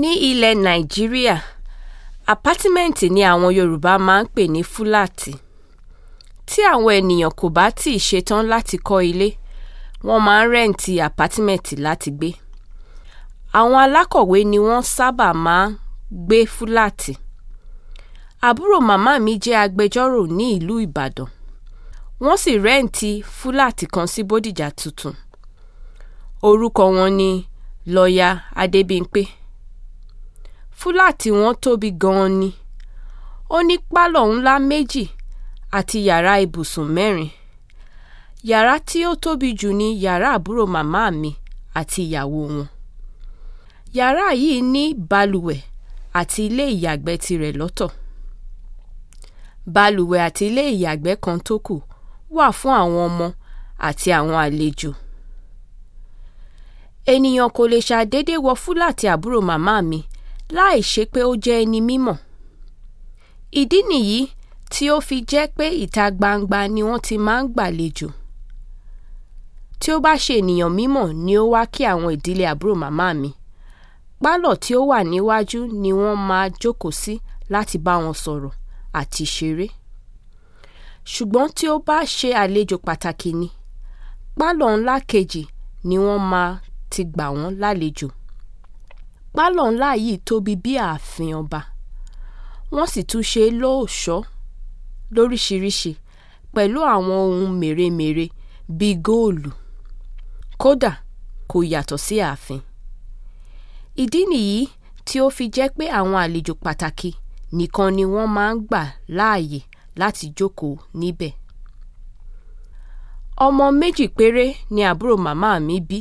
Ní ilẹ̀ Nàìjíríà, àpátímẹ́ǹtì ni àwọn Yorùbá máa ń pè ní fúláàtì. Tí àwọn ènìyàn kò bá tíì ṣetán láti kọ́ ilé, wọ́n máa ń rẹ́ǹtì àpátímẹ́ǹtì láti gbé. Àwọn alákọ̀wé ni wọ́n sábà máa ń gbé fúláàtì. Àbúrò màmá mi jẹ́ agbẹjọ́rò ní ìlú Ìbàdàn, wọ́n sì rẹ́ǹtì fúláàtì kan sí Bódìjà tuntun. Orúkọ wọn ni Lọ́ya Adébímpé fúláàtì wọn tóbi gan-an ni ó ní pálọ̀ ńlá méjì àti yàrá ibùsùn mẹ́rin yàrá tí ó tóbi jù ni yàrá àbúrò màmá mi àti ìyàwó wọn yàrá yìí ní balùwẹ̀ àti ilé ìyàgbẹ́ tirẹ̀ lọ́tọ̀ balùwẹ̀ àti ilé ìyàgbẹ́ kan tó kù wà fún àwọn ọmọ àti àwọn àlejò ènìyàn kò lè ṣàdédé wọ fúláàtì àbúrò màmá mi láì ṣe pé ó jẹ́ ẹni mímọ̀. ìdí nìyí tí ó fi jẹ́ pé ìta gbangba ni wọ́n ti máa ń gbàlejò. tí ó bá ṣe ènìyàn mímọ̀ ni ó wá kí àwọn ìdílé àbúrò màmá mi. pálọ̀ tí ó wà níwájú ni wọ́n máa jókòó sí láti bá wọn sọ̀rọ̀ àti ṣeré. ṣùgbọ́n tí ó bá ṣe àlejò pàtàkì ni pálọ̀ ńlá kejì ni wọ́n máa ti gbà wọ́n lálejò pálọ̀ ńlá yìí tóbi bíi ààfin ọba wọ́n sì tún ṣe é lọ́ọ̀ṣọ́ lóríṣiríṣi pẹ̀lú àwọn ohun mèremère bíi góòlù kódà kò yàtọ̀ sí ààfin ìdí nìyí tí ó fi jẹ́ pé àwọn àlejò pàtàkì nìkan ni wọ́n máa ń gbà láàyè láti jókòó níbẹ̀ ọmọ méjì péré ni àbúrò màmá mi bí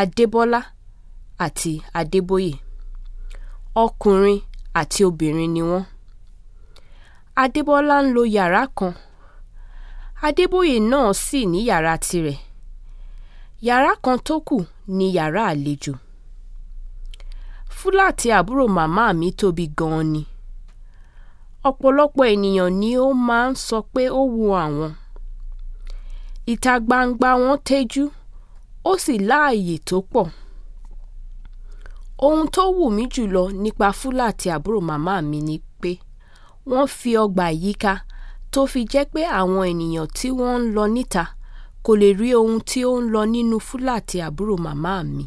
Adébọ́lá àti Adébóyè. Ọkùnrin àti obìnrin ni wọ́n. Adébọ́lá ń lo yàrá kan. Adébóyè náà sì ní yàrá tirẹ̀. Yàrá kan tó kù ni yàrá àlejò. Fúláàtì àbúrò màmá mi tóbi gan-an ni. Ọ̀pọ̀lọpọ̀ ènìyàn ni ó máa ń sọ pé ó wu àwọn. Ìta gbangba wọn tẹ́jú, ó sì láàyè tó pọ̀. Ohun tó wù mí jùlọ nípa Fúlà àti àbúrò màmá mi ni pé wọ́n fi ọgbà yíká tó fi jẹ́ pé àwọn ènìyàn tí wọ́n ń lọ níta kò lè rí ohun tí ó ń lọ nínú Fúlà àti àbúrò màmá mi.